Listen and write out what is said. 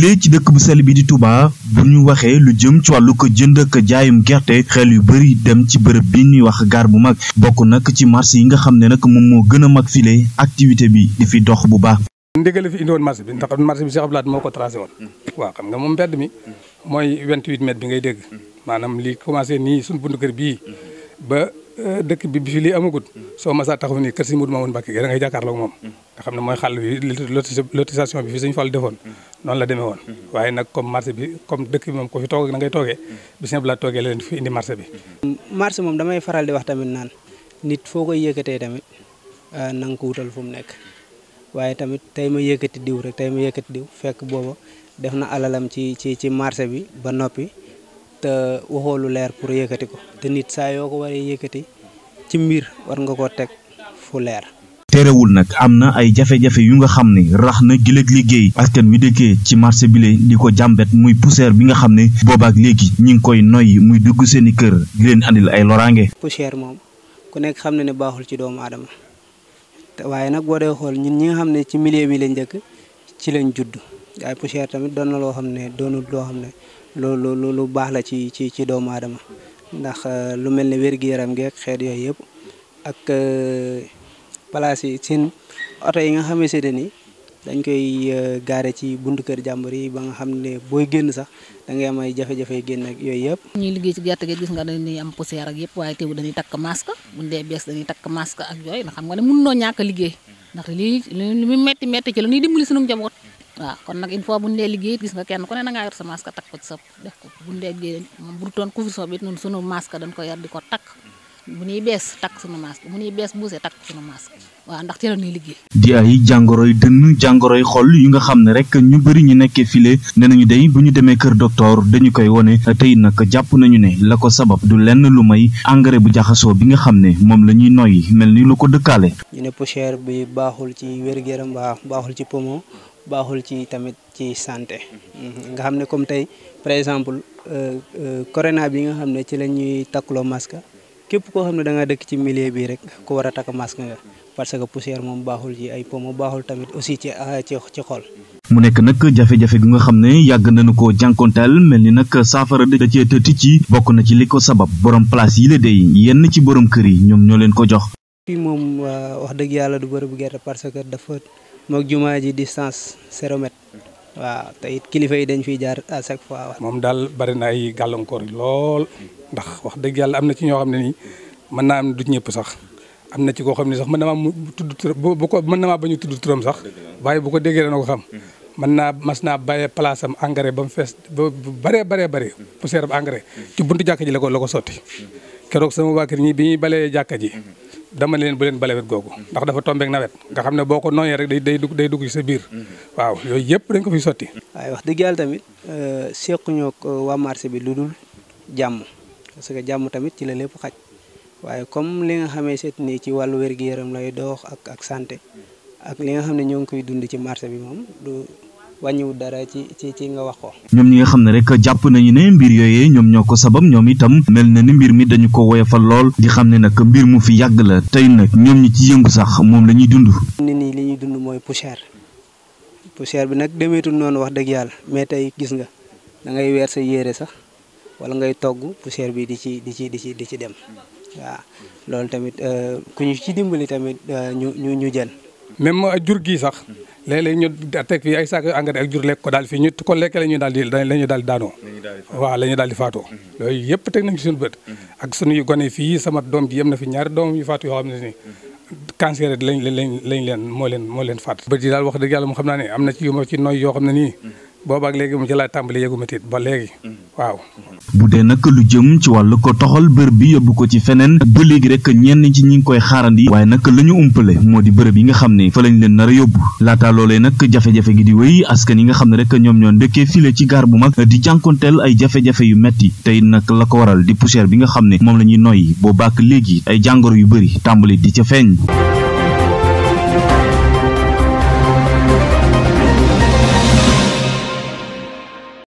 bile ci dëkk bu sell bi di Touba bu ñu waxee lu jëm ci wàllu ko jënd ak jaayum gerte xel yu bëri dem ci bërëb bi ñuy wax gaar bu mag bokk nag ci marché yi nga xam ne nag moom moo gën a mag file activité bi di fi dox bu baax. ndigal fi indi woon marché bi ndax marché bi Cheikh Abdoulaye moo ko tracé woon. waaw xam moom mbedd mi. mooy 28 ngay dégg. maanaam li commencé nii suñu buntu euh, bi bi fi lii amagut soo masaa taxaw nii kër si Moudou Mamoun Mbacké moom nga xam ne mooy xàll bi lotisation bi fi Sëñ Fall defoon noonu la demee woon mhm. waaye nag comme marché bi comme dëkk bi moom ko fi toog na ngay tooge bi sëñ Abdoulaye toogee mhm. la leen fi indi marché bi mhm. marché moom damay faral di wax tamit naan nit foo koy yëkkatee tamit ah, na nga ko wutal fu mu nekk waaye tamit tey ma yëkkati diw rek tey ma yëkkati diw fekk booba def na alalam ci ci ci marché bi ba noppi te waxoo lu leer pour yëkkati ko te nit saa yoo ko waree yëkkati ci mbir war nga ko teg fu leer terewul nag am na ay jafe-jafe yu nga xam ne rax na gileeg liggéey askan wi dëkkee ci marché bile di ko jàmbet muy poussière bi nga xam ne boobaak léegi ñi ngi koy noyyi muy dugg seeni kër di leen andil ay loraange. poussière moom ku nekk xam na ne baaxul ci doomu aadama waaye nag boo dee xool ñun ñi nga xam ne ci milieu bi lañ dëkk ci lañ judd waaye poussière tamit doon na loo xam ne doonul loo xam ne loolu lu lu baax la ci ci ci doomu aadama ndax euh, lu mel ne wér-gu-yaram geeg xeet yooyu yëpp ak. Euh, place yi seen oto yi nga xamante ne ni dañ koy euh, gaare ci buntu kër jàmbur yi ba nga xam ne booy génn sax da ngay am ay jafe-jafe génn ak yooyu yëpp. ñuy liggéey ci gerte gi gis nga dañuy am poussière ak yëpp waaye teewul dañuy takk masque buñ dee bees dañuy takk masque ak xam nga ne mën noo ñàkk liggéey ndax lii li muy metti metti ci la ñuy dimbali suñu njaboot. waaw kon nag une fois buñ dee liggéey gis nga kenn ku ne na ngaa yor sa masque takk ko ci sa moom bu doon couvre-feu bi sunu masque dañ ko yar di ko takk. bu ñuy bees takk suñu masque bu ñuy bees buuse takk suñu masque waaw ndax teel a ñuy liggéey. di ay jàngoroy dënn jàngoroy xol yu nga xam ne rek ñu bëri ñu nekkee file nee nañu dey bu ñu demee kër docteur dañu koy wone tey nag jàpp nañu ne la ko sabab du lenn lu may engrais bu jaxasoo bi nga xam ne moom la ñuy noyyi mel ni lu ko dëkkaale. ñu ne poussière bi baaxul ci wér-gu-yaram baaxul ci poumon baaxul ci tamit ci santé mhm. nga xam ne comme tey par exemple euh, euh, corona bi nga xam ne ci la ñuy takkloo masque. képp koo xam ne da dëkk ci millier bi rek ku war a takk masque nga parce que poussière moom baaxul ci ay pomo baaxul tamit aussi ah, ci ci xol. mu nekk nag jafe-jafe gi nga xam ne yàgg nañu ko jànkonteel mel ni nag saafara da cee tëti ci bokk na ci li ko sabab borom place yi la dey yenn ci borom kër yi ñoom ñoo leen ko jox. fii moom wax dëgg yàlla du bu gerte parce que dafa moog jumaa ji distance zéro mètre waaw te it kilifa yi dañ fi jaar à chaque fois. moom daal bari na ay gàllankoor ndax wax dëgg yàlla am na ci ñoo xam ne nii mën naa am du ñëpp sax am na ci koo xam ne sax mën na maa mu tudd turam ko mën na maa bañ a tudd turam sax waaye bu ko déggee na ko xam mën naa mas naa bàyyee place am engrais ba mu fees ba bëree bëree bëri poussière am engrais ci buntu jàkka ji la ko la ko sotti keroog sama waa kër ñi bi ñuy balee jàkka ji dama ne leen bu leen bale wet googu ndax dafa tombeek nawet nga xam ne boo ko nooyee rek day day dugg day dugg ci sa biir waaw yooyu yëpp dañ ko fiy sotti waaye wax dëgg yàlla tamit euh, seequñoo euh, waa marché bi lu dul parce que jàmm tamit ci la lépp xaj waaye comme li nga xamee seet nii ci wàllu wér-gu-yaram lay dox ak ak santé ak li nga xam ne ñoo ngi koy dund ci marché bi moom du wàññiwul dara ci ci ci nga wax ko. ñoom ñi nga xam ne rek jàpp nañu ne mbir yooyee ñoom ñoo ko sabab ñoom itam mel na ni mbir mi dañu ko woyofal lool di xam ne nag mbir mu fi yàgg la tey nag ñoom ñi ci yëngu sax moom la ñuy dund. nit ñi li ñuy dund mooy poussière poussière bi nag demeetul noonu wax dëgg yàlla mais tey wala ngay togg poussière bi di ci di ci di ci di ci dem waaw loolu tamit euh, ku ñu ci dimbali tamit euh, ñu ñu ñu jël. a euh, jur gii sax léeg-léeg ñu teg fii ay saako yu engrais lekk ko daal fii ñu ko lekkee la ñuy daal di la daanoo waaw la ñuy daal di faatoo loolu yëpp teg nañ ci suñu bët mm-hmm. ak suñuy gone fii sama doom ji yem na fi ñaari doom yu faatu yoo xam ne nii mm-hmm. cancer lañ lañ lañ leen moo leen moo leen faat bët yi daal wax dëgg yàlla mu xam naa ne am na ci yu ma ci noy yoo xam ne nii mm-hmm. boobaak léegi mu ci laa tàmbali yëgu metit ba léegi mm-hmm. bu dee nag lu jëm ci wàll ko toxal bërëb bi yóbbu ko ci feneen ba léegi rek ñenn ci ñu ngi koy xaarandi waaye nag la ñu umpale moo di bërëb yi nga xam ne fa lañ leen nar a yóbbu laataa loolee nag jafe-jafe gi di wéy askan yi nga xam ne rek ñoom ñoo ndëkkee file ci gaar bu mag di jànkonteel ay jafe-jafe yu metti tey nag la ko waral di poussière bi nga xam ne moom la ñuy noyyi boo bàkk léegi ay jàngoro yu bëri tàmbali di ca feeñ